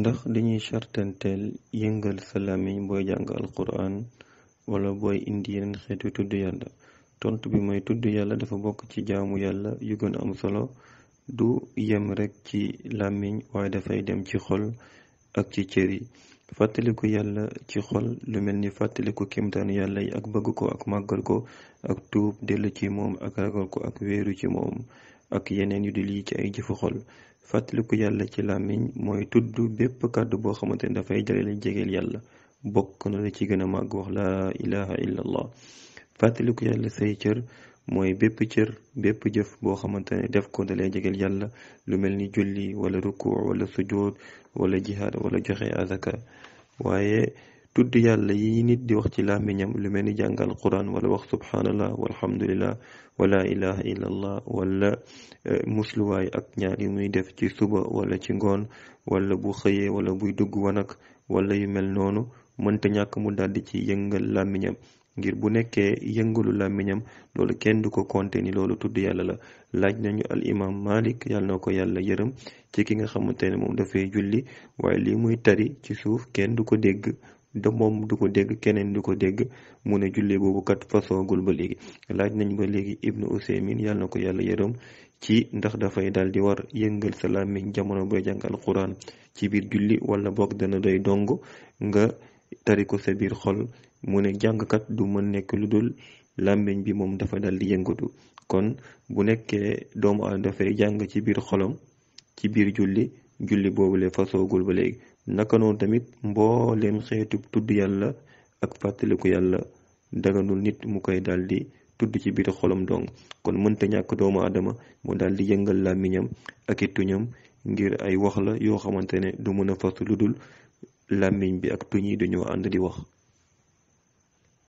ndax li ñuy sartanteel yëngal sa làmmiñ booy jàng alquran wala booy indi yenn xeetu tudd yàlla tontu bi mooy tudd yàlla dafa bokk ci jaamu yàlla yu gën am solo du yem rekk ci làmmiñ waaye dafay dem ci xol ak ci cër yi fàttaliku yàlla ci xol lu mel ni fàttaliku kéemtaanu yàlla yi ak bëgg ko ak màggal ko ak tuub dellu ci moom ak ragal ko ak wéeru ci moom ak yeneen yu dul yi ci ay jëfu xol fàttaliku yàlla ci làmmiñ mooy tudd bépp kàddu boo xamante ne dafay jëlee jegeel yàlla bokk na la ci gën a màgg wax laa ilaha illa allah fàttaliku yàlla say cër mooy bépp cër bépp jëf boo xamante ne def ko dalee jegeel yàlla lu mel ni julli wala ruku wala sujood wala jihaad wala joxe azaka waaye tudd yàlla yi nit di wax ci làmmiñam lu mel ni jàng alquran wala wax subhanallah walhamdulillah wala ilaha illallah wala eh, musluwaay ak ñaar yu muy def ci suba wala ci ngoon wala bu xëyee wala buy dugg wanag wala yu mel noonu mënta ñàkk mu daldi ci yëngal làmmiñam ngir bu nekkee yëngalu làmmiñam loolu kenn du ko konte loolu tudd yàlla la laaj nañu al imam malik yàlla na ko yàlla yërëm ci ki nga xamante ne moom dafay julli waaye li muy tari ci suuf kenn du ko dégg de moom du ko dégg keneen du ko dégg mu ne julli boobu kat fasoogul ba léegi laaj nañ ba léegi ibnu useymin yàlla na ko yàlla yërëm ci ndax dafay daal di war yëngal sa làmmiñ jamono booy jàng alquran ci biir julli wala boog dana doy dong nga tari ko sa biir xol mu ne jàngkat du mën nekk lu dul làmmiñ bi moom dafa dal di yëngatu kon bu nekkee doomu aadama dafay jàng ci biir xolam ci biir julli julli boobule fasoogul ba léegi naka noonu tamit mbooleem xeetu tudd yàlla ak fàttaliku yàlla daganul nit mu koy daal di tudd ci biir xolam dong kon mënta ñàkk doomu aadama mu daal di yëngal làmmiñam ak i tuñam ngir ay wax la yoo xamante ne du mën a fas lu dul làmmiñ bi ak tuñ yi dañoo ànd di wax